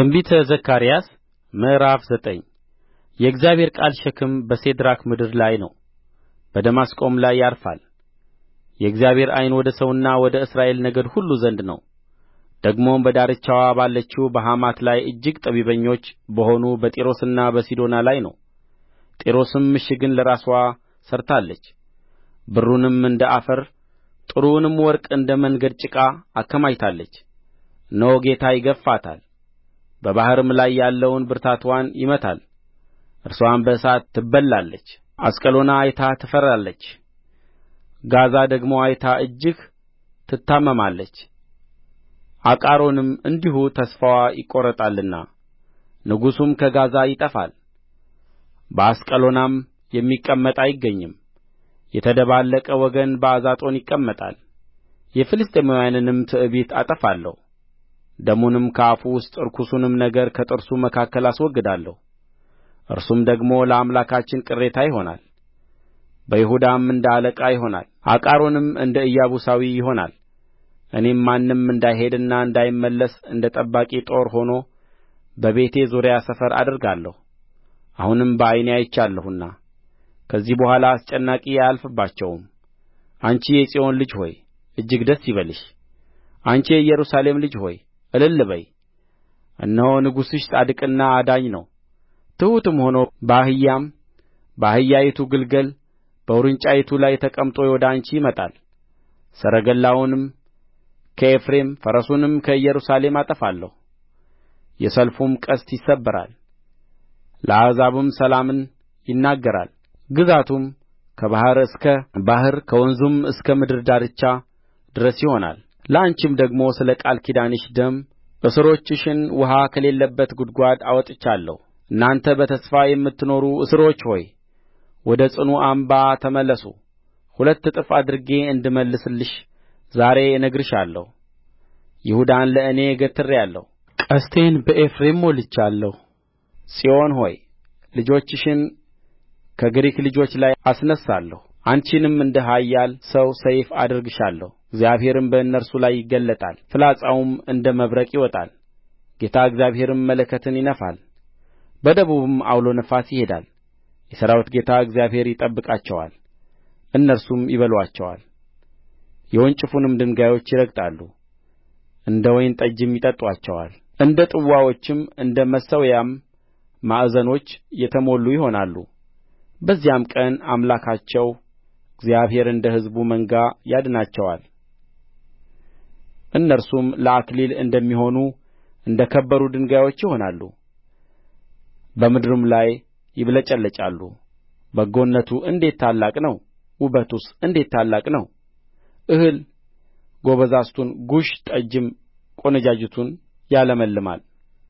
ትንቢተ ዘካርያስ ምዕራፍ ዘጠኝ የእግዚአብሔር ቃል ሸክም በሴድራክ ምድር ላይ ነው በደማስቆም ላይ ያርፋል የእግዚአብሔር ዓይን ወደ ሰውና ወደ እስራኤል ነገድ ሁሉ ዘንድ ነው ደግሞም በዳርቻዋ ባለችው በሐማት ላይ እጅግ ጠቢበኞች በሆኑ በጢሮስና በሲዶና ላይ ነው ጢሮስም ምሽግን ለራስዋ ሠርታለች ብሩንም እንደ አፈር ጥሩውንም ወርቅ እንደ መንገድ ጭቃ አከማችታለች እነሆ ጌታ ይገፍፋታል በባሕርም ላይ ያለውን ብርታትዋን ይመታል እርስዋም በእሳት ትበላለች አስቀሎና አይታ ትፈራለች ጋዛ ደግሞ አይታ እጅግ ትታመማለች አቃሮንም እንዲሁ ተስፋዋ ይቈረጣልና ንጉሡም ከጋዛ ይጠፋል በአስቀሎናም የሚቀመጥ አይገኝም የተደባለቀ ወገን በአዛጦን ይቀመጣል የፍልስጥኤማውያንንም ትዕቢት አጠፋለሁ ደሙንም ከአፉ ውስጥ ርኩሱንም ነገር ከጥርሱ መካከል አስወግዳለሁ እርሱም ደግሞ ለአምላካችን ቅሬታ ይሆናል በይሁዳም እንደ አለቃ ይሆናል አቃሮንም እንደ ኢያቡሳዊ ይሆናል እኔም ማንም እንዳይሄድና እንዳይመለስ እንደ ጠባቂ ጦር ሆኖ በቤቴ ዙሪያ ሰፈር አደርጋለሁ አሁንም በዓይኔ አይቻለሁና ከዚህ በኋላ አስጨናቂ አያልፍባቸውም አንቺ የጽዮን ልጅ ሆይ እጅግ ደስ ይበልሽ አንቺ የኢየሩሳሌም ልጅ ሆይ እልል በዪ እነሆ ንጉሥሽ ጻድቅና አዳኝ ነው ትሑትም ሆኖ በአህያም በአህያይቱ ግልገል በውርንጫይቱ ላይ ተቀምጦ ወደ አንቺ ይመጣል ሰረገላውንም ከኤፍሬም ፈረሱንም ከኢየሩሳሌም አጠፋለሁ የሰልፉም ቀስት ይሰበራል ለአሕዛብም ሰላምን ይናገራል ግዛቱም ከባሕር እስከ ባሕር ከወንዙም እስከ ምድር ዳርቻ ድረስ ይሆናል ለአንቺም ደግሞ ስለ ቃል ኪዳንሽ ደም እስሮችሽን ውኃ ከሌለበት ጕድጓድ አውጥቻለሁ እናንተ በተስፋ የምትኖሩ እስሮች ሆይ ወደ ጽኑ አምባ ተመለሱ ሁለት እጥፍ አድርጌ እንድመልስልሽ ዛሬ እነግርሻለሁ ይሁዳን ለእኔ ገትሬአለሁ ቀስቴን በኤፍሬም ሞልቻለሁ ጽዮን ሆይ ልጆችሽን ከግሪክ ልጆች ላይ አስነሣለሁ አንቺንም እንደ ኃያል ሰው ሰይፍ አደርግሻለሁ እግዚአብሔርም በእነርሱ ላይ ይገለጣል ፍላጻውም እንደ መብረቅ ይወጣል ጌታ እግዚአብሔርም መለከትን ይነፋል በደቡብም ዐውሎ ነፋስ ይሄዳል የሠራዊት ጌታ እግዚአብሔር ይጠብቃቸዋል እነርሱም ይበሉአቸዋል የወንጭፉንም ድንጋዮች ይረግጣሉ እንደ ወይን ጠጅም ይጠጡአቸዋል እንደ ጥዋዎችም እንደ መሠዊያም ማዕዘኖች የተሞሉ ይሆናሉ በዚያም ቀን አምላካቸው እግዚአብሔር እንደ ሕዝቡ መንጋ ያድናቸዋል እነርሱም ለአክሊል እንደሚሆኑ እንደ ከበሩ ድንጋዮች ይሆናሉ በምድሩም ላይ ይብለጨለጫሉ በጎነቱ እንዴት ታላቅ ነው ውበቱስ እንዴት ታላቅ ነው እህል ጐበዛዝቱን ጉሽ ጠጅም ቈነጃጅቱን ያለመልማል